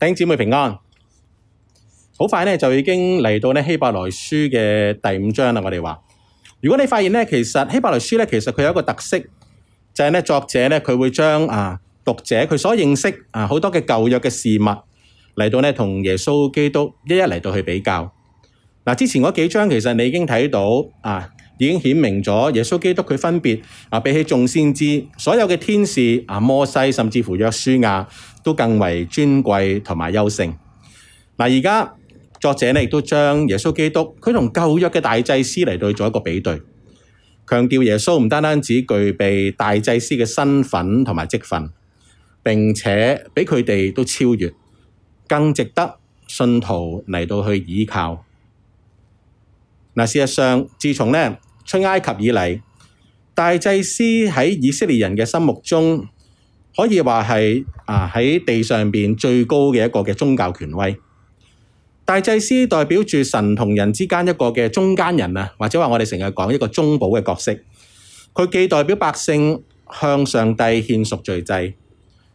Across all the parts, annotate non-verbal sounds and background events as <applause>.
弟兄姊妹平安，好快咧就已經嚟到咧希伯來書嘅第五章啦。我哋話，如果你發現咧，其實希伯來書咧，其實佢有一個特色，就係咧作者咧佢會將啊讀者佢所認識啊好多嘅舊約嘅事物嚟到咧同耶穌基督一一嚟到去比較。嗱，之前嗰幾章其實你已經睇到啊，已經顯明咗耶穌基督佢分別啊比起眾先知所有嘅天使啊摩西甚至乎約書亞。都更為尊貴同埋優勝。嗱，而家作者呢亦都將耶穌基督佢同舊約嘅大祭司嚟到做一個比對，強調耶穌唔單單只具備大祭司嘅身份同埋職份，並且比佢哋都超越，更值得信徒嚟到去依靠。嗱，事實上自從呢出埃及以嚟，大祭司喺以色列人嘅心目中。可以話係啊，喺地上邊最高嘅一個嘅宗教權威，大祭司代表住神同人之間一個嘅中間人啊，或者話我哋成日講一個中保嘅角色，佢既代表百姓向上帝獻贖罪祭，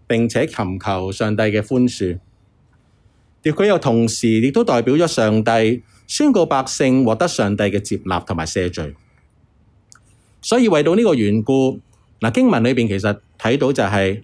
並且尋求上帝嘅寬恕，亦佢又同時亦都代表咗上帝宣告百姓獲得上帝嘅接納同埋赦罪，所以為到呢個緣故，嗱、啊、經文裏邊其實睇到就係、是。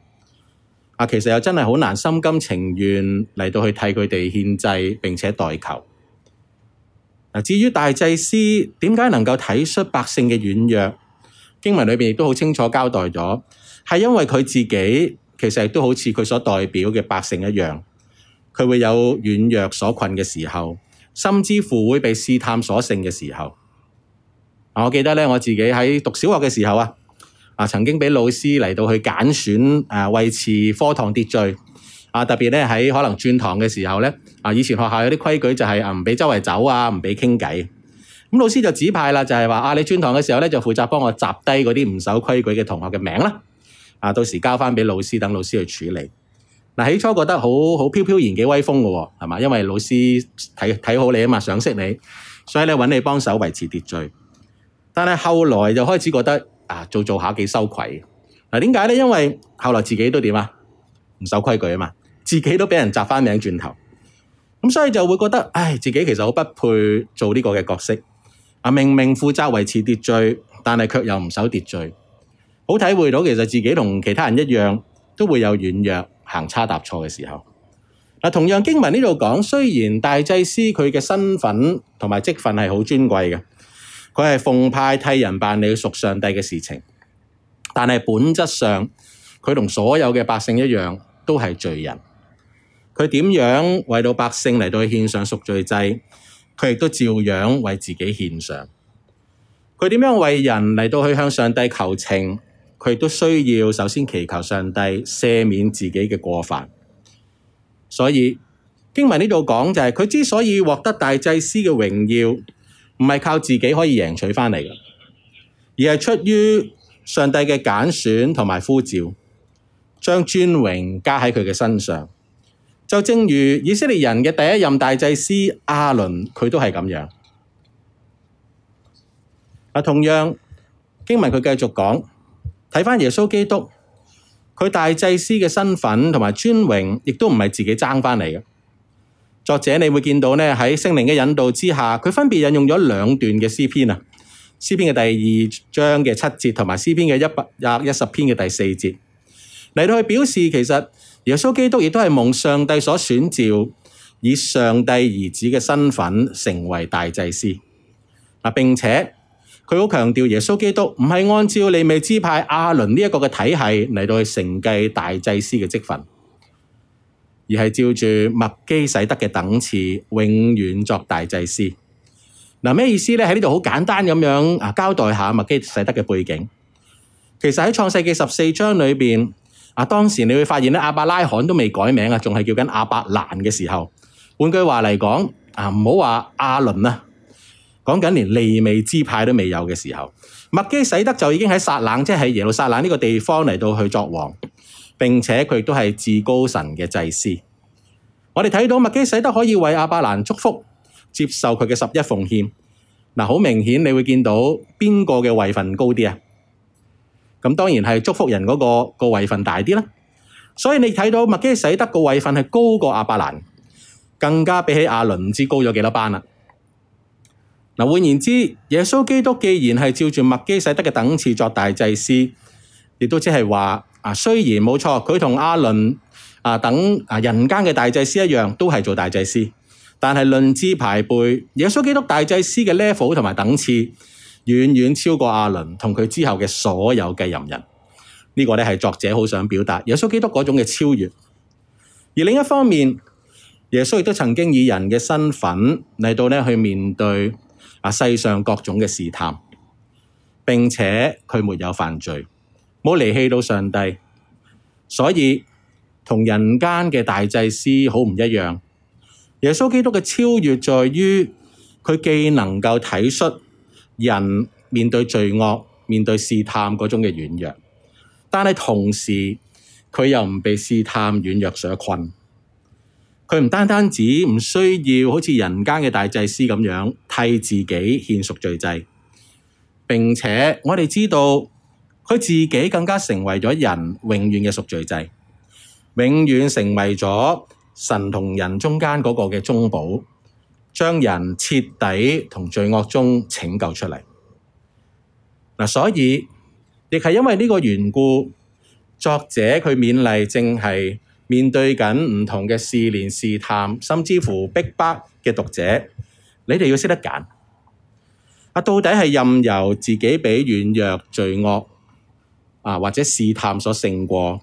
其實又真係好難心甘情願嚟到去替佢哋獻祭並且代求。至於大祭司點解能夠體恤百姓嘅軟弱，經文裏面亦都好清楚交代咗，係因為佢自己其實亦都好似佢所代表嘅百姓一樣，佢會有軟弱所困嘅時候，甚至乎會被試探所勝嘅時候。我記得咧，我自己喺讀小學嘅時候啊。啊，曾經俾老師嚟到去揀選，誒維持課堂秩序啊，特別咧喺可能轉堂嘅時候咧，啊以前學校有啲規矩就係啊唔俾周圍走啊，唔俾傾偈，咁、嗯、老師就指派啦，就係話啊你轉堂嘅時候咧，就負責幫我集低嗰啲唔守規矩嘅同學嘅名啦，啊到時交翻俾老師等老師去處理。嗱、啊、起初覺得好好飄飄然幾威風嘅喎、哦，係嘛？因為老師睇睇好你啊嘛，想識你，所以咧揾你幫手維持秩序。但係後來就開始覺得。啊，做做下幾羞愧嘅。點解呢？因為後來自己都點啊？唔守規矩啊嘛，自己都俾人摘翻名轉頭，咁所以就會覺得唉，自己其實好不配做呢個嘅角色。啊，明明負責維持秩序，但係卻又唔守秩序，好體會到其實自己同其他人一樣，都會有軟弱、行差踏錯嘅時候。嗱，同樣經文呢度講，雖然大祭司佢嘅身份同埋職份係好尊貴嘅。佢係奉派替人辦理屬上帝嘅事情，但係本質上佢同所有嘅百姓一樣，都係罪人。佢點樣為到百姓嚟到去獻上贖罪祭，佢亦都照樣為自己獻上。佢點樣為人嚟到去向上帝求情，佢亦都需要首先祈求上帝赦免自己嘅過犯。所以經文呢度講就係佢之所以獲得大祭司嘅榮耀唔係靠自己可以贏取翻嚟嘅，而係出於上帝嘅揀選同埋呼召，將尊榮加喺佢嘅身上。就正如以色列人嘅第一任大祭司亞倫，佢都係咁樣。啊，同樣經文佢繼續講，睇翻耶穌基督，佢大祭司嘅身份同埋尊榮，亦都唔係自己爭返嚟嘅。作者，你會見到咧，喺聖靈嘅引導之下，佢分別引用咗兩段嘅詩篇啊，詩篇嘅第二章嘅七節同埋詩篇嘅一百一十篇嘅第四節嚟到去表示，其實耶穌基督亦都係蒙上帝所選召，以上帝兒子嘅身份成為大祭司啊！並且佢好強調耶穌基督唔係按照利未支派亞倫呢一個嘅體系嚟到去承繼大祭司嘅職份。而係照住麥基洗德嘅等次，永遠作大祭司。嗱，咩意思咧？喺呢度好簡單咁樣交代下麥基洗德嘅背景。其實喺創世記十四章裏邊，啊當時你會發現咧，亞伯拉罕都未改名啊，仲係叫緊亞伯蘭嘅時候。換句話嚟講，啊唔好話亞倫啊，講緊連利未支派都未有嘅時候，麥基洗德就已經喺撒冷，即係喺耶路撒冷呢個地方嚟到去作王。並且佢亦都係至高神嘅祭司。我哋睇到麥基洗德可以為亞伯蘭祝福，接受佢嘅十一奉獻。嗱，好明顯你會見到邊個嘅位份高啲啊？咁當然係祝福人嗰個個位份大啲啦。所以你睇到麥基洗德個位份係高過亞伯蘭，更加比起亞倫唔知高咗幾多班啦。嗱，換言之，耶穌基督既然係照住麥基洗德嘅等次作大祭司，亦都即係話。啊，雖然冇錯，佢同阿倫啊等啊人間嘅大祭司一樣，都係做大祭司，但係論資排輩，耶穌基督大祭司嘅 level 同埋等次，遠遠超過阿倫同佢之後嘅所有嘅繼任人。呢個咧係作者好想表達耶穌基督嗰種嘅超越。而另一方面，耶穌亦都曾經以人嘅身份嚟到咧去面對啊世上各種嘅試探，並且佢沒有犯罪。冇離棄到上帝，所以同人間嘅大祭司好唔一樣。耶穌基督嘅超越在於佢既能夠體恤人面對罪惡、面對試探嗰種嘅軟弱，但係同時佢又唔被試探軟弱所困。佢唔單單止唔需要好似人間嘅大祭司咁樣替自己獻贖罪祭，並且我哋知道。佢自己更加成為咗人永遠嘅贖罪祭，永遠成為咗神同人中間嗰個嘅中保，將人徹底同罪惡中拯救出嚟嗱。所以亦係因為呢個緣故，作者佢勉勵正係面對緊唔同嘅試煉、試探，甚至乎逼迫嘅讀者，你哋要識得揀啊，到底係任由自己俾軟弱罪惡。啊，或者試探所勝過，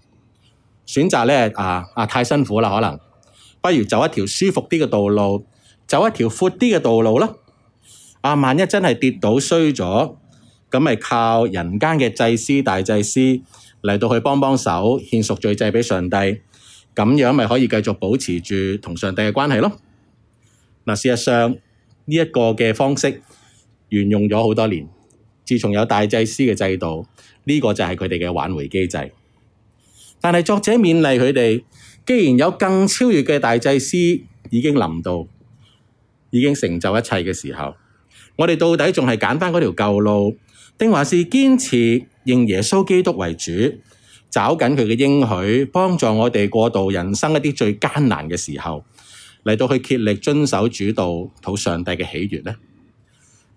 選擇咧啊，啊太辛苦啦，可能不如走一條舒服啲嘅道路，走一條闊啲嘅道路啦。啊，萬一真係跌倒衰咗，咁咪靠人間嘅祭司大祭司嚟到去幫幫手，獻贖罪祭畀上帝，咁樣咪可以繼續保持住同上帝嘅關係咯。嗱、啊，事實上呢一、呢個嘅方式沿用咗好多年。自從有大祭司嘅制度，呢個就係佢哋嘅挽回機制。但係作者勉勵佢哋，既然有更超越嘅大祭司已經臨到，已經成就一切嘅時候，我哋到底仲係揀翻嗰條舊路，定還是堅持認耶穌基督為主，找緊佢嘅應許，幫助我哋過渡人生一啲最艱難嘅時候，嚟到去竭力遵守主道，討上帝嘅喜悅呢？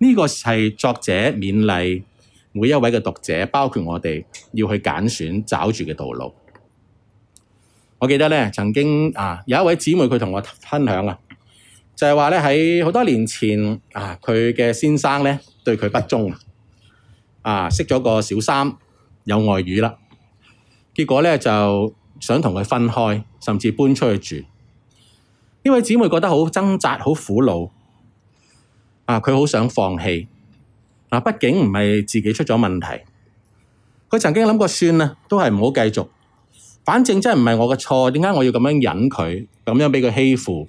呢個係作者勉勵每一位嘅讀者，包括我哋，要去揀選找住嘅道路。我記得咧，曾經啊，有一位姊妹佢同我分享啊，就係話咧喺好多年前啊，佢嘅先生咧對佢不忠啊，識咗個小三，有外遇啦。結果咧就想同佢分開，甚至搬出去住。呢位姊妹覺得好掙扎，好苦惱。啊！佢好想放棄，啊，畢竟唔係自己出咗問題。佢曾經諗過算啦，都係唔好繼續。反正真係唔係我嘅錯，點解我要咁樣忍佢，咁樣俾佢欺負，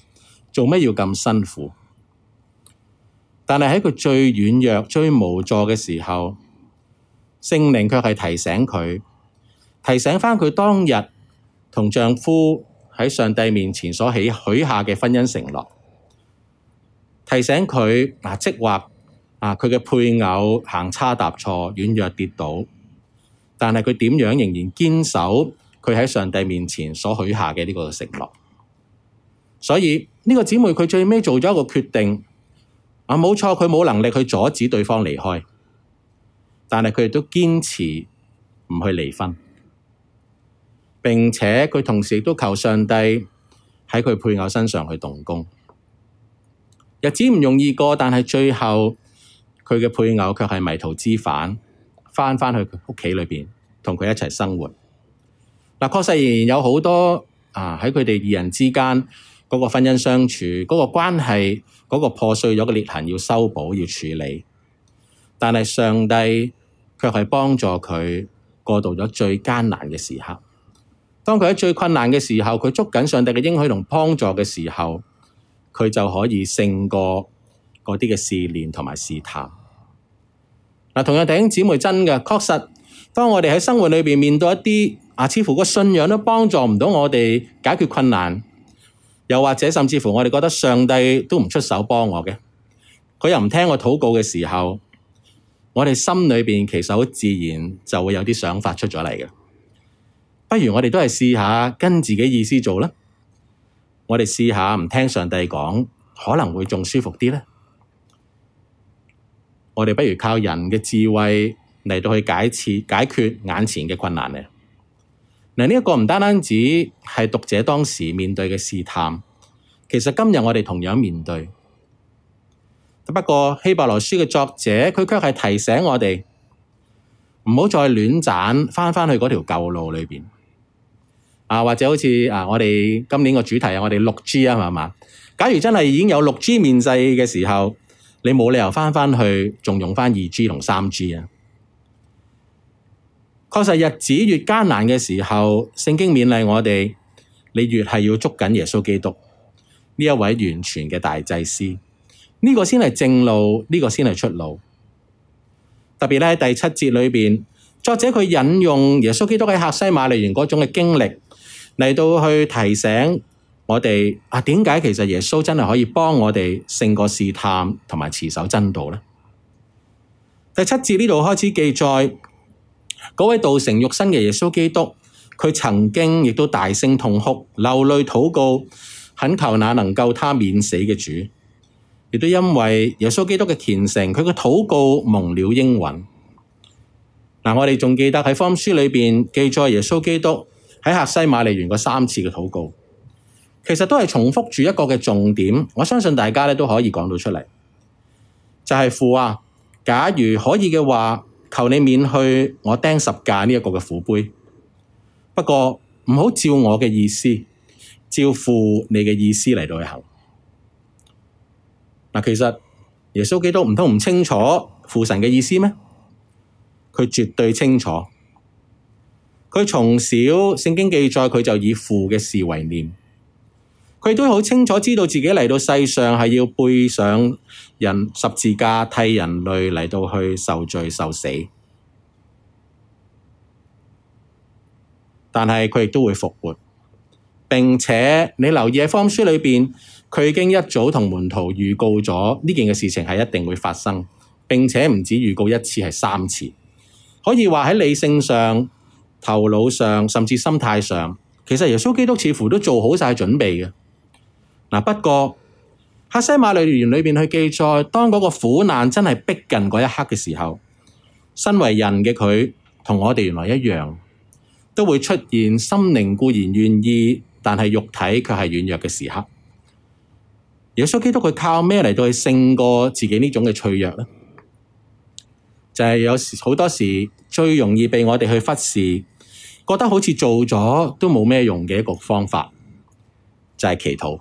做咩要咁辛苦？但係喺佢最軟弱、最無助嘅時候，聖靈卻係提醒佢，提醒返佢當日同丈夫喺上帝面前所起許下嘅婚姻承諾。提醒佢，嗱，即或啊，佢嘅配偶行差踏錯、軟弱跌倒，但係佢點樣仍然堅守佢喺上帝面前所許下嘅呢個承諾。所以呢個姊妹佢最尾做咗一個決定啊，冇錯，佢冇能力去阻止對方離開，但係佢亦都堅持唔去離婚，並且佢同時亦都求上帝喺佢配偶身上去動工。日子唔容易過，但係最後佢嘅配偶卻係迷途知返，返返去屋企裏邊同佢一齊生活。嗱、啊，確實仍然有好多啊喺佢哋二人之間嗰個婚姻相處、嗰個關係、嗰個破碎咗嘅裂痕要修補、要處理，但係上帝卻係幫助佢過渡咗最艱難嘅時刻。當佢喺最困難嘅時候，佢捉緊上帝嘅應許同幫助嘅時候。佢就可以勝過嗰啲嘅試煉同埋試探。嗱，同樣弟兄姊妹真嘅，確實，當我哋喺生活裏邊面面對一啲啊，似乎個信仰都幫助唔到我哋解決困難，又或者甚至乎我哋覺得上帝都唔出手幫我嘅，佢又唔聽我禱告嘅時候，我哋心裏邊其實好自然就會有啲想法出咗嚟嘅。不如我哋都係試下跟自己意思做啦。我哋試下唔聽上帝講，可能會仲舒服啲呢。我哋不如靠人嘅智慧嚟到去解徹解決眼前嘅困難咧。嗱，呢一個唔單單止係讀者當時面對嘅試探，其實今日我哋同樣面對。不過希伯來書嘅作者佢卻係提醒我哋，唔好再亂斬翻翻去嗰條舊路裏邊。啊，或者好似啊，我哋今年個主題係我哋六 G 啊，係嘛？假如真係已經有六 G 面世嘅時候，你冇理由翻翻去仲用翻二 G 同三 G 啊！確實日子越艱難嘅時候，聖經勉勵我哋，你越係要捉緊耶穌基督呢一位完全嘅大祭司，呢個先係正路，呢個先係出路。特別咧喺第七節裏邊，作者佢引用耶穌基督喺客西馬尼園嗰種嘅經歷。嚟到去提醒我哋啊，點解其實耶穌真係可以幫我哋勝過試探同埋持守真道咧？第七節呢度開始記載，嗰位道成肉身嘅耶穌基督，佢曾經亦都大聲痛哭、流淚禱告，懇求那能夠他免死嘅主。亦都因為耶穌基督嘅虔誠，佢嘅禱告蒙了應允。嗱、啊，我哋仲記得喺福音書裏邊記載耶穌基督喺客西馬利園個三次嘅禱告，其實都係重複住一個嘅重點。我相信大家咧都可以講到出嚟，就係父啊，假如可以嘅話，求你免去我釘十架呢一個嘅苦杯。不過唔好照我嘅意思，照父你嘅意思嚟到去行。嗱，其實耶穌基督唔通唔清楚父神嘅意思咩？佢絕對清楚。佢從小聖經記載，佢就以父嘅事為念。佢都好清楚知道自己嚟到世上係要背上人十字架，替人類嚟到去受罪受死。但係佢亦都會復活，並且你留意喺方書裏邊，佢已經一早同門徒預告咗呢件嘅事情係一定會發生，並且唔止預告一次，係三次。可以話喺理性上。頭腦上甚至心態上，其實耶穌基督似乎都做好晒準備嘅。嗱、啊，不過客西馬尼園裏面去記載，當嗰個苦難真係逼近嗰一刻嘅時候，身為人嘅佢同我哋原來一樣，都會出現心靈固然願意，但係肉體卻係軟弱嘅時刻。耶穌基督佢靠咩嚟到去勝過自己呢種嘅脆弱咧？就係、是、有時好多時最容易被我哋去忽視。覺得好似做咗都冇咩用嘅一個方法就係祈禱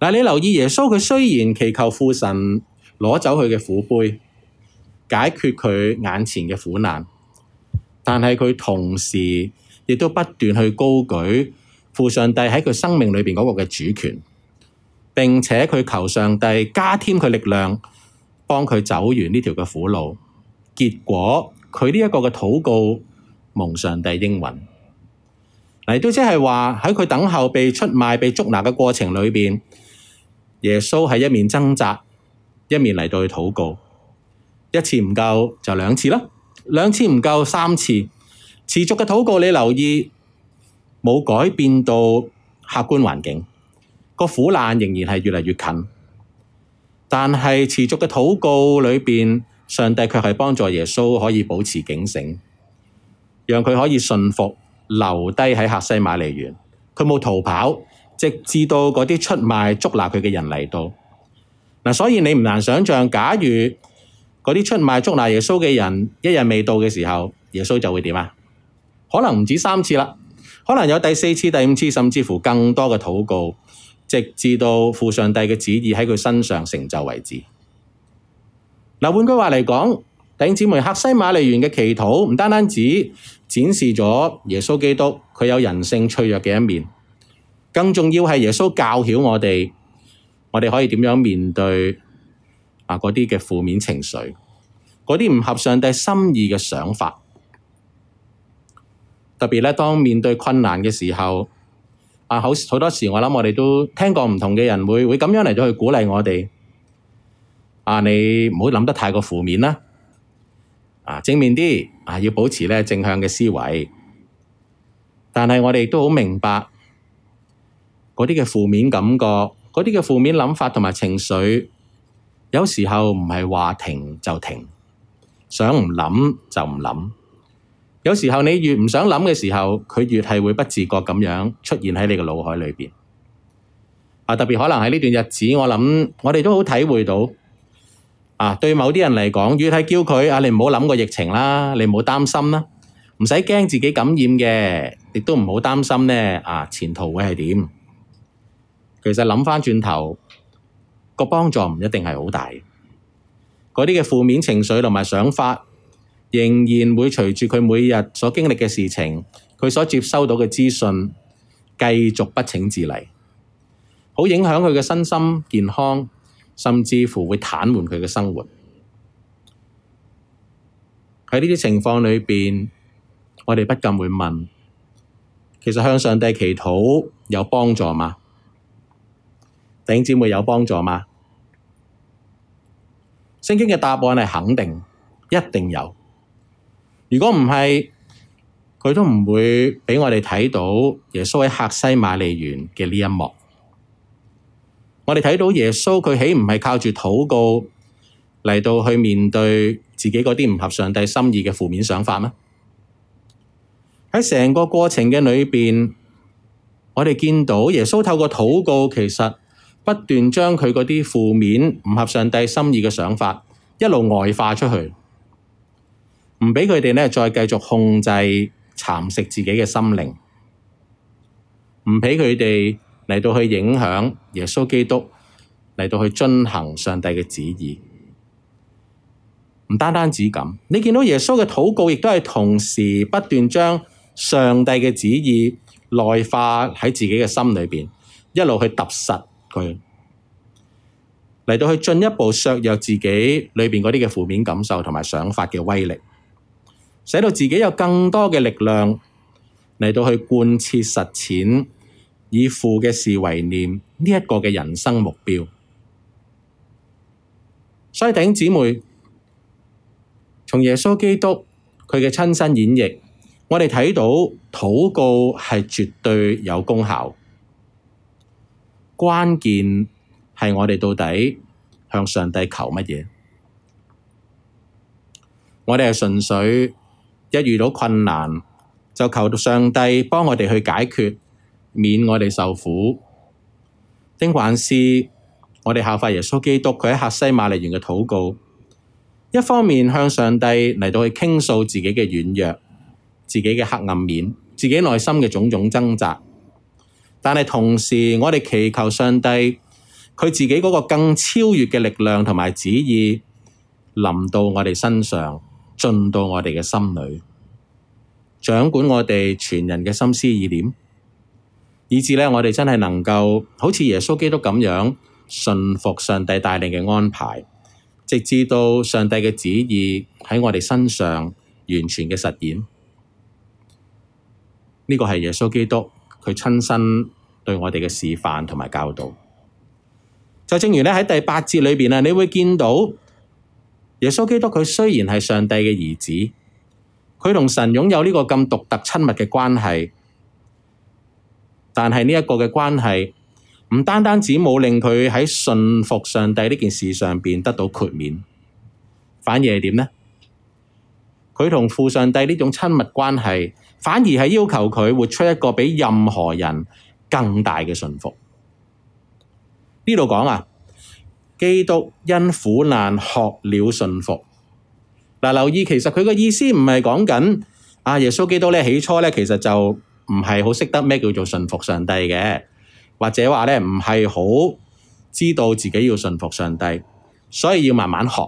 嗱。你留意耶穌佢雖然祈求父神攞走佢嘅苦杯，解決佢眼前嘅苦難，但係佢同時亦都不斷去高舉父上帝喺佢生命裏邊嗰個嘅主權，並且佢求上帝加添佢力量，幫佢走完呢條嘅苦路。結果佢呢一個嘅禱告。蒙上帝應允嚟，都即係話，喺佢等候被出賣、被捉拿嘅過程裏邊，耶穌係一面掙扎，一面嚟到去禱告。一次唔夠就兩次啦，兩次唔夠三次，持續嘅禱告。你留意冇改變到客觀環境，個苦難仍然係越嚟越近，但係持續嘅禱告裏邊，上帝卻係幫助耶穌可以保持警醒。讓佢可以信服，留低喺客西馬尼園，佢冇逃跑，直至到嗰啲出賣捉拿佢嘅人嚟到。嗱、啊，所以你唔難想象，假如嗰啲出賣捉拿耶穌嘅人一日未到嘅時候，耶穌就會點啊？可能唔止三次啦，可能有第四次、第五次，甚至乎更多嘅禱告，直至到父上帝嘅旨意喺佢身上成就為止。嗱、啊，換句話嚟講。弟兄姊妹，客西馬尼園嘅祈禱唔單單只展示咗耶穌基督佢有人性脆弱嘅一面，更重要係耶穌教曉我哋，我哋可以點樣面對啊嗰啲嘅負面情緒，嗰啲唔合上帝心意嘅想法。特別呢，當面對困難嘅時候，啊好好多時我諗我哋都聽過唔同嘅人會會咁樣嚟到去鼓勵我哋，啊你唔好諗得太過負面啦。啊，正面啲啊，要保持咧正向嘅思維。但係我哋亦都好明白嗰啲嘅負面感覺，嗰啲嘅負面諗法同埋情緒，有時候唔係話停就停，想唔諗就唔諗。有時候你越唔想諗嘅時候，佢越係會不自覺咁樣出現喺你嘅腦海裏邊。啊，特別可能喺呢段日子，我諗我哋都好體會到。啊，對某啲人嚟講，越係叫佢啊，你唔好諗個疫情啦，你唔好擔心啦，唔使驚自己感染嘅，亦都唔好擔心呢啊，前途會係點？其實諗返轉頭，個幫助唔一定係好大。嗰啲嘅負面情緒同埋想法，仍然會隨住佢每日所經歷嘅事情，佢所接收到嘅資訊，繼續不請自嚟，好影響佢嘅身心健康。甚至乎會癱瘓佢嘅生活。喺呢啲情況裏邊，我哋不禁會問，其實向上帝祈禱有幫助嗎？弟兄姊妹有幫助嗎？聖經嘅答案係肯定，一定有。如果唔係，佢都唔會畀我哋睇到耶穌喺客西馬利園嘅呢一幕。我哋睇到耶穌佢豈唔係靠住禱告嚟到去面對自己嗰啲唔合上帝心意嘅負面想法咩？喺成個過程嘅裏邊，我哋見到耶穌透過禱告，其實不斷將佢嗰啲負面唔合上帝心意嘅想法一路外化出去，唔畀佢哋呢再繼續控制蠶食自己嘅心靈，唔畀佢哋，嚟到去影響耶穌基督，嚟到去遵行上帝嘅旨意，唔單單止咁。你見到耶穌嘅禱告，亦都係同時不斷將上帝嘅旨意內化喺自己嘅心裏邊，一路去揼實佢，嚟到去進一步削弱自己裏邊嗰啲嘅負面感受同埋想法嘅威力，使到自己有更多嘅力量嚟到去貫徹實踐以父嘅事為念呢一個嘅人生目標，所以弟兄姊妹從耶穌基督佢嘅親身演繹，我哋睇到禱告係絕對有功效。關鍵係我哋到底向上帝求乜嘢？我哋係純粹一遇到困難就求到上帝幫我哋去解決。免我哋受苦，定還是我哋效法耶穌基督？佢喺客西瑪尼園嘅禱告，一方面向上帝嚟到去傾訴自己嘅軟弱、自己嘅黑暗面、自己內心嘅種種掙扎，但係同時我哋祈求上帝佢自己嗰個更超越嘅力量同埋旨意，臨到我哋身上，進到我哋嘅心裏，掌管我哋全人嘅心思意念。以至呢，我哋真係能夠好似耶穌基督咁樣順服上帝帶領嘅安排，直至到上帝嘅旨意喺我哋身上完全嘅實現。呢個係耶穌基督佢親身對我哋嘅示範同埋教導。就正如呢，喺第八節裏邊啊，你會見到耶穌基督佢雖然係上帝嘅兒子，佢同神擁有呢個咁獨特親密嘅關係。但係呢一個嘅關係唔單單只冇令佢喺信服上帝呢件事上邊得到豁免，反而係點呢？佢同父上帝呢種親密關係，反而係要求佢活出一個比任何人更大嘅信服。呢度講啊，基督因苦難學了信服。嗱，留意其實佢個意思唔係講緊啊，耶穌基督咧起初咧，其實就。唔係好識得咩叫做順服上帝嘅，或者話咧唔係好知道自己要順服上帝，所以要慢慢學。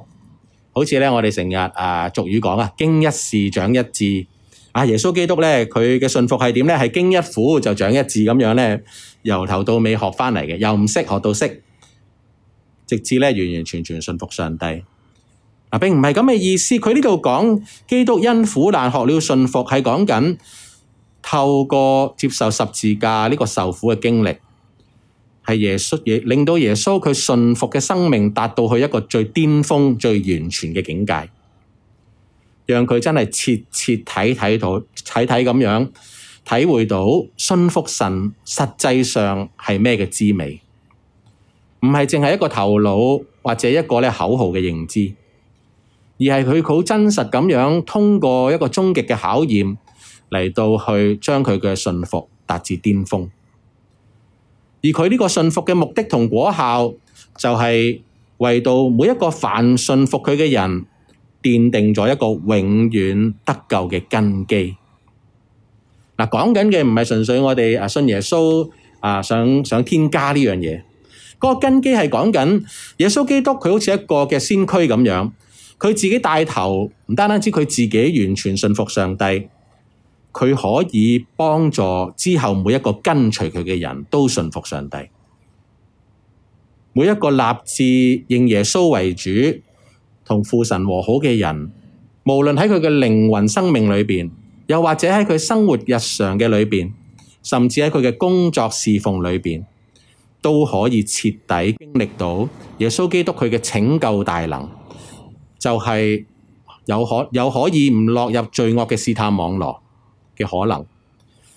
好似咧我哋成日誒俗語講啊，經一事長一智。啊耶穌基督咧佢嘅順服係點咧？係經一苦就長一智咁樣咧，由頭到尾學翻嚟嘅，又唔識學到識，直至咧完完全全順服上帝。啊，並唔係咁嘅意思，佢呢度講基督因苦難學了順服，係講緊。透過接受十字架呢個受苦嘅經歷，係耶穌令到耶穌佢信服嘅生命達到去一個最巔峰、最完全嘅境界，讓佢真係切切睇睇到、睇睇咁樣，體會到信服神實際上係咩嘅滋味，唔係淨係一個頭腦或者一個咧口號嘅認知，而係佢好真實咁樣通過一個終極嘅考驗嚟到去將佢嘅信服達至巔峰，而佢呢個信服嘅目的同果效就係為到每一個凡信服佢嘅人奠定咗一個永遠得救嘅根基。嗱、啊，講緊嘅唔係純粹我哋信耶穌、啊、想想添加呢樣嘢。嗰、這個根基係講緊耶穌基督，佢好似一個嘅先驅咁樣，佢自己帶頭，唔單單止佢自己完全信服上帝。佢可以幫助之後每一個跟隨佢嘅人都信服上帝，每一個立志認耶穌為主、同父神和好嘅人，無論喺佢嘅靈魂生命裏邊，又或者喺佢生活日常嘅裏邊，甚至喺佢嘅工作侍奉裏邊，都可以徹底經歷到耶穌基督佢嘅拯救大能，就係、是、有可有可以唔落入罪惡嘅試探網絡嘅可能，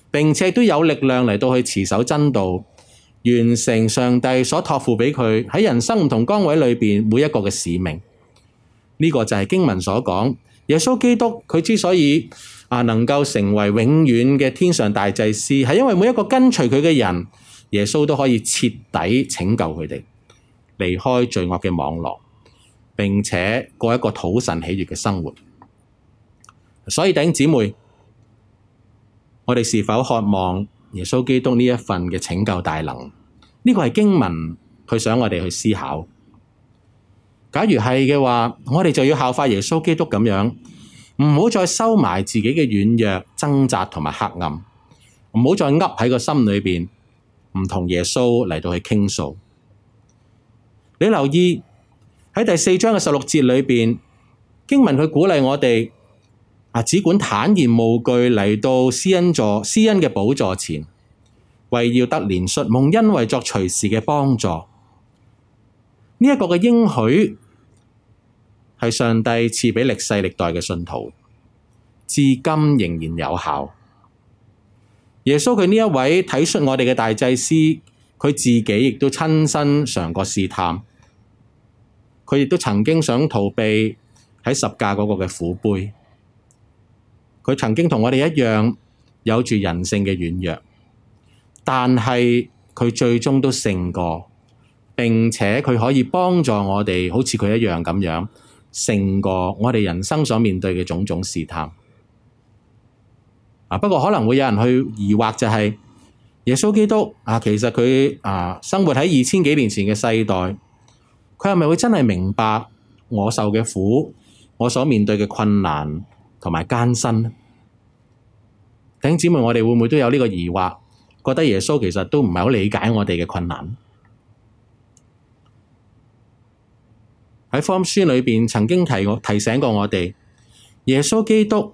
並且都有力量嚟到去持守真道，完成上帝所託付畀佢喺人生唔同崗位裏邊每一個嘅使命。呢個就係經文所講耶穌基督佢之所以啊能夠成為永遠嘅天上大祭司，係因為每一個跟隨佢嘅人，耶穌都可以徹底拯救佢哋離開罪惡嘅網絡，並且過一個討神喜悅嘅生活。所以，弟兄姊妹。我哋是否渴望耶穌基督呢一份嘅拯救大能？呢個係經文佢想我哋去思考。假如係嘅話，我哋就要效法耶穌基督咁樣，唔好再收埋自己嘅軟弱、掙扎同埋黑暗，唔好再噏喺個心裏邊，唔同耶穌嚟到去傾訴。你留意喺第四章嘅十六節裏邊，經文佢鼓勵我哋。啊！只管坦然無懼嚟到施恩座、施恩嘅寶座前，為要得憐恤，蒙恩惠作隨時嘅幫助。呢、這、一個嘅應許係上帝賜畀歷世歷代嘅信徒，至今仍然有效。耶穌佢呢一位體恤我哋嘅大祭司，佢自己亦都親身嘗過試探，佢亦都曾經想逃避喺十架嗰個嘅苦杯。佢曾經同我哋一樣有住人性嘅軟弱，但係佢最終都勝過，並且佢可以幫助我哋，好似佢一樣咁樣勝過我哋人生所面對嘅種種試探。啊，不過可能會有人去疑惑，就係耶穌基督啊，其實佢啊生活喺二千幾年前嘅世代，佢係咪會真係明白我受嘅苦，我所面對嘅困難同埋艱辛呢？弟兄姊妹，我哋會唔會都有呢個疑惑？覺得耶穌其實都唔係好理解我哋嘅困難。喺方書裏邊曾經提過提醒過我哋，耶穌基督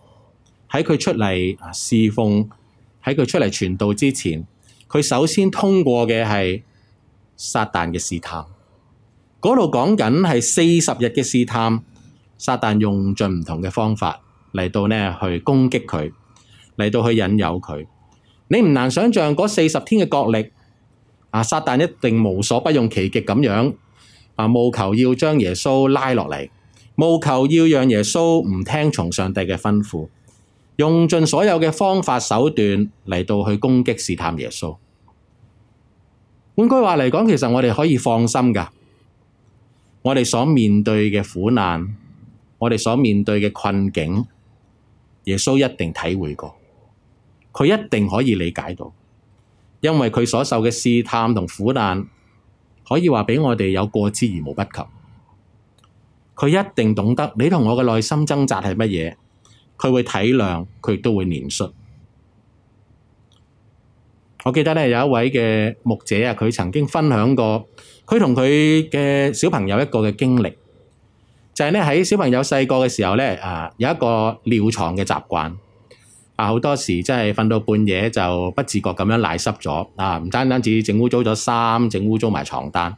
喺佢出嚟侍奉，喺佢出嚟傳道之前，佢首先通過嘅係撒旦嘅試探。嗰度講緊係四十日嘅試探，撒旦用盡唔同嘅方法嚟到呢去攻擊佢。嚟到去引誘佢，你唔難想象嗰四十天嘅角力，啊撒旦一定無所不用其極咁樣，啊務求要將耶穌拉落嚟，務求要讓耶穌唔聽從上帝嘅吩咐，用盡所有嘅方法手段嚟到去攻擊試探耶穌。換句話嚟講，其實我哋可以放心噶，我哋所面對嘅苦難，我哋所面對嘅困境，耶穌一定體會過。佢一定可以理解到，因為佢所受嘅試探同苦難，可以話畀我哋有過之而無不及。佢一定懂得你同我嘅內心掙扎係乜嘢，佢會體諒，佢亦都會憐恤。我記得咧，有一位嘅牧者啊，佢曾經分享過，佢同佢嘅小朋友一個嘅經歷，就係咧喺小朋友細個嘅時候呢，啊有一個尿床嘅習慣。啊！好多時真係瞓到半夜就不自覺咁樣瀨濕咗啊！唔單單止整污糟咗衫，整污糟埋床單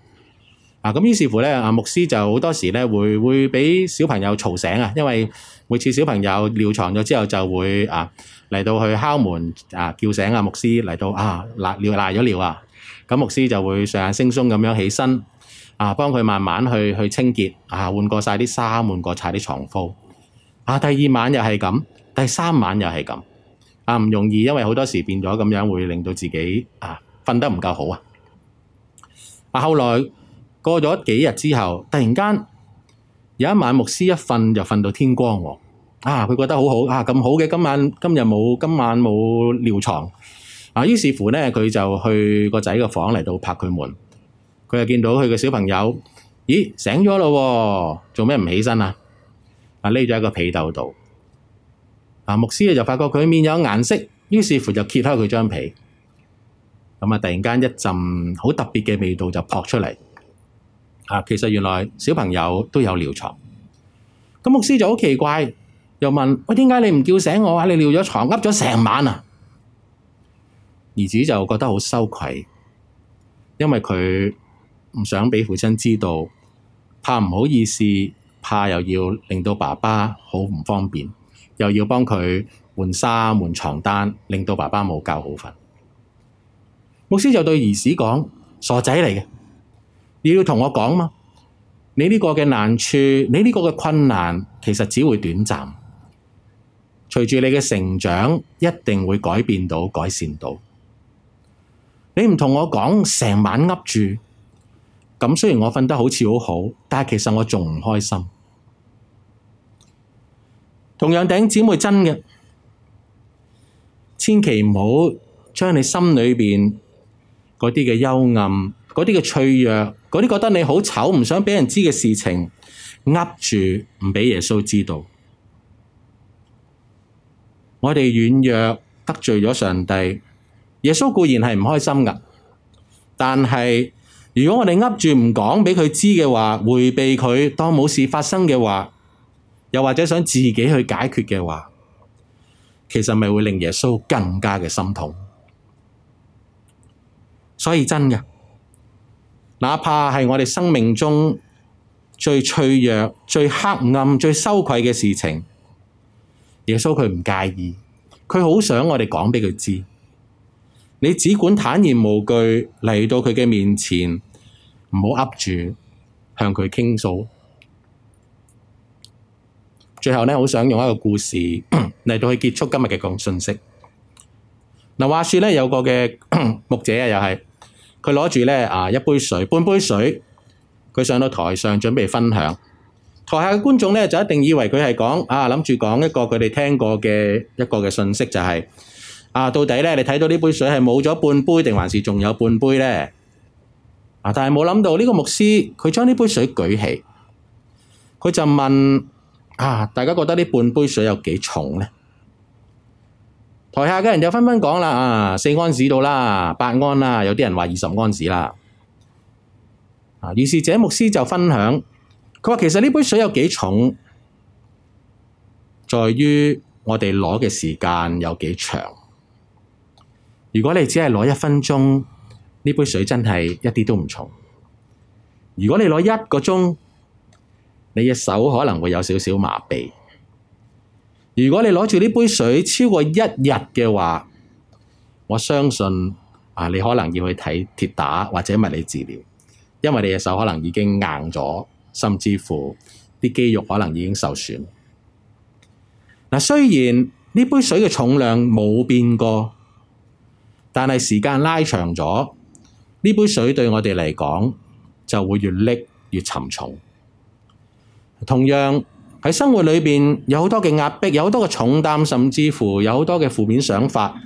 啊！咁於是乎咧，啊牧師就好多時咧會會俾小朋友嘈醒啊，因為每次小朋友尿床咗之後就會啊嚟到去敲門啊叫醒啊牧師嚟到啊瀨尿瀨咗尿啊！咁、啊啊、牧師就會上下惺忪咁樣起身啊，幫佢慢慢去去清潔啊，換過晒啲衫，換過晒啲床鋪啊。第二晚又係咁，第三晚又係咁。啊，唔容易，因為好多時變咗咁樣，會令到自己啊瞓得唔夠好啊。啊，後來過咗幾日之後，突然間有一晚牧師一瞓就瞓到天光喎，啊。啊，佢覺得好好啊，咁好嘅，今晚今日冇，今晚冇尿床。啊，於是乎呢，佢就去個仔嘅房嚟到拍佢門。佢就見到佢嘅小朋友，咦，醒咗咯，啊，做咩唔起身啊？啊，匿咗喺個被竇度。啊！牧師就發覺佢面有顏色，於是乎就揭開佢張被。突然間一陣好特別嘅味道就撲出嚟啊！其實原來小朋友都有尿床，咁牧師就好奇怪，又問喂，點解你唔叫醒我啊？你尿咗床，噏咗成晚啊！兒子就覺得好羞愧，因為佢唔想畀父親知道，怕唔好意思，怕又要令到爸爸好唔方便。又要幫佢換衫換床單，令到爸爸冇覺好瞓。牧師就對兒子講：傻仔嚟嘅，你要同我講嘛。你呢個嘅難處，你呢個嘅困難，其實只會短暫。隨住你嘅成長，一定會改變到改善到。你唔同我講，成晚噏住，咁雖然我瞓得好似好好，但係其實我仲唔開心。同樣頂姊妹真嘅，千祈唔好將你心裏邊嗰啲嘅幽暗、嗰啲嘅脆弱、嗰啲覺得你好醜唔想俾人知嘅事情，呃住唔俾耶穌知道。我哋軟弱得罪咗上帝，耶穌固然係唔開心㗎，但係如果我哋呃住唔講俾佢知嘅話，迴避佢當冇事發生嘅話，又或者想自己去解決嘅話，其實咪會令耶穌更加嘅心痛。所以真㗎，哪怕係我哋生命中最脆弱、最黑暗、最羞愧嘅事情，耶穌佢唔介意，佢好想我哋講俾佢知。你只管坦然無懼嚟到佢嘅面前，唔好噏住向佢傾訴。最後呢，好想用一個故事嚟 <coughs> 到去結束今日嘅個信息。嗱，話説咧，有個嘅牧 <coughs> 者啊，又係佢攞住咧一杯水，半杯水，佢上到台上準備分享。台下嘅觀眾咧，就一定以為佢係講啊，諗住講一個佢哋聽過嘅一個嘅信息，就係、是啊、到底咧你睇到呢杯水係冇咗半杯定還是仲有半杯呢？啊，但係冇諗到呢個牧師，佢將呢杯水舉起，佢就問。啊！大家覺得呢半杯水有幾重呢？台下嘅人就紛紛講啦：啊，四安士到啦，八安啦，有啲人話二十安士啦。啊！於是這牧師就分享，佢話其實呢杯水有幾重，在於我哋攞嘅時間有幾長。如果你只係攞一分鐘，呢杯水真係一啲都唔重。如果你攞一個鐘，你嘅手可能會有少少麻痹。如果你攞住呢杯水超過一日嘅話，我相信啊，你可能要去睇鐵打或者物理治療，因為你嘅手可能已經硬咗，甚至乎啲肌肉可能已經受損。嗱，雖然呢杯水嘅重量冇變過，但係時間拉長咗，呢杯水對我哋嚟講就會越拎越沉重。同樣喺生活裏邊有好多嘅壓迫，有好多嘅重擔，甚至乎有好多嘅負面想法，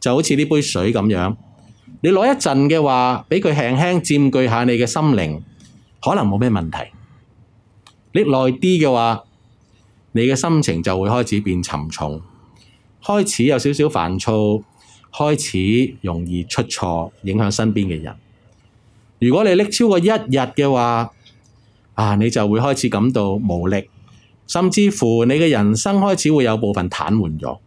就好似呢杯水咁樣。你攞一陣嘅話，畀佢輕輕佔據下你嘅心靈，可能冇咩問題。拎耐啲嘅話，你嘅心情就會開始變沉重，開始有少少煩躁，開始容易出錯，影響身邊嘅人。如果你拎超過一日嘅話，啊！你就會開始感到無力，甚至乎你嘅人生開始會有部分癱瘓咗，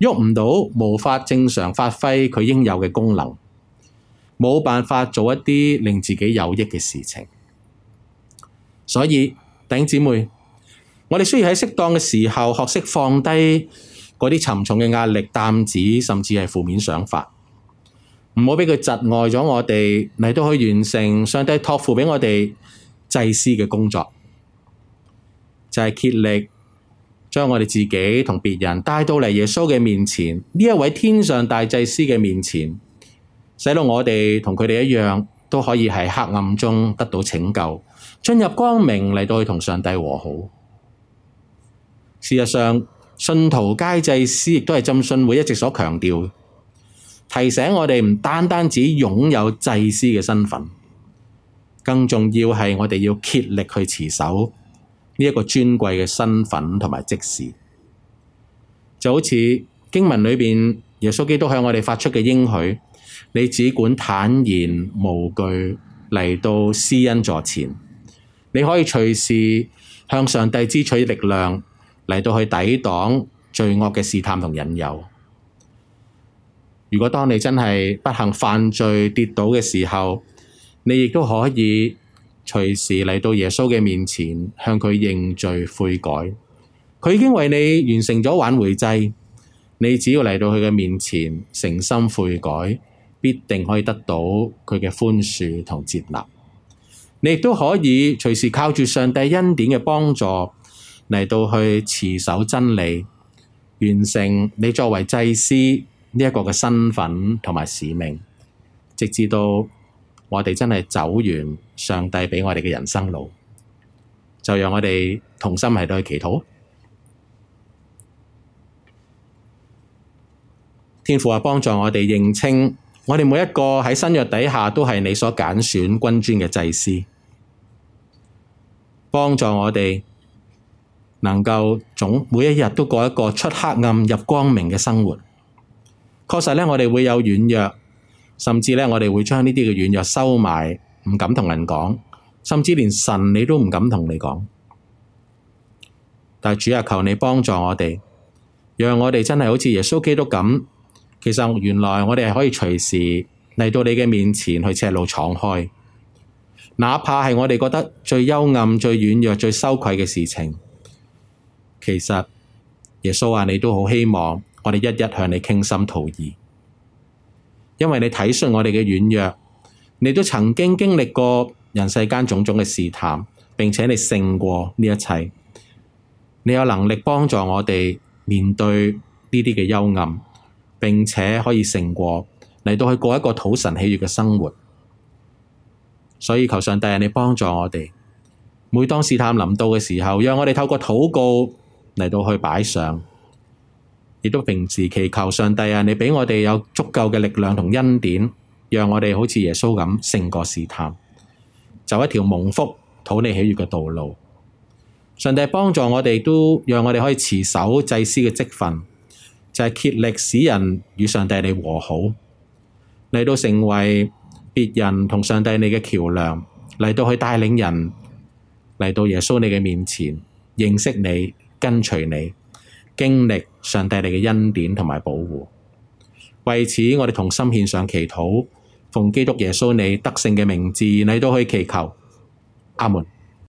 喐唔到，無法正常發揮佢應有嘅功能，冇辦法做一啲令自己有益嘅事情。所以，弟姊妹，我哋需要喺適當嘅時候學識放低嗰啲沉重嘅壓力擔子，甚至係負面想法，唔好畀佢窒礙咗我哋嚟到去完成上帝託付畀我哋。祭司嘅工作就係、是、竭力將我哋自己同別人帶到嚟耶穌嘅面前，呢一位天上大祭司嘅面前，使到我哋同佢哋一樣都可以喺黑暗中得到拯救，進入光明嚟到去同上帝和好。事實上，信徒皆祭司亦都係浸信會一直所強調，提醒我哋唔單單只擁有祭司嘅身份。更重要係，我哋要竭力去持守呢一個尊貴嘅身份同埋職事，就好似經文裏邊耶穌基督向我哋發出嘅應許：「你只管坦然無懼嚟到施恩座前，你可以隨時向上帝支取力量嚟到去抵擋罪惡嘅試探同引誘。」如果當你真係不幸犯罪跌倒嘅時候，你亦都可以隨時嚟到耶穌嘅面前，向佢認罪悔改。佢已經為你完成咗挽回祭，你只要嚟到佢嘅面前，誠心悔改，必定可以得到佢嘅寬恕同接納。你亦都可以隨時靠住上帝恩典嘅幫助嚟到去持守真理，完成你作為祭司呢一個嘅身份同埋使命，直至到，我哋真係走完上帝畀我哋嘅人生路，就讓我哋同心系度去祈禱。天父啊，幫助我哋認清，我哋每一個喺新約底下都係你所揀選君尊嘅祭司，幫助我哋能夠總每一日都過一個出黑暗入光明嘅生活。確實咧，我哋會有軟弱。甚至咧，我哋會將呢啲嘅軟弱收埋，唔敢同人講，甚至連神你都唔敢同你講。但主啊，求你幫助我哋，讓我哋真係好似耶穌基督咁。其實原來我哋係可以隨時嚟到你嘅面前去赤露敞開，哪怕係我哋覺得最幽暗、最軟弱、最羞愧嘅事情，其實耶穌啊，你都好希望我哋一一向你傾心吐意。因為你體恤我哋嘅軟弱，你都曾經經歷過人世間種種嘅試探，並且你勝過呢一切。你有能力幫助我哋面對呢啲嘅幽暗，並且可以勝過嚟到去過一個土神喜悅嘅生活。所以求上帝你幫助我哋，每當試探臨到嘅時候，讓我哋透過禱告嚟到去擺上。亦都平時祈求上帝啊，你畀我哋有足夠嘅力量同恩典，讓我哋好似耶穌咁勝過試探，走一條蒙福、討你喜悅嘅道路。上帝幫助我哋，都讓我哋可以持守祭司嘅職份，就係竭力使人與上帝你和好，嚟到成為別人同上帝你嘅橋樑，嚟到去帶領人嚟到耶穌你嘅面前認識你，跟隨你。經歷上帝你嘅恩典同埋保護，為此我哋同心獻上祈禱，奉基督耶穌你得勝嘅名字，你都可以祈求，阿門。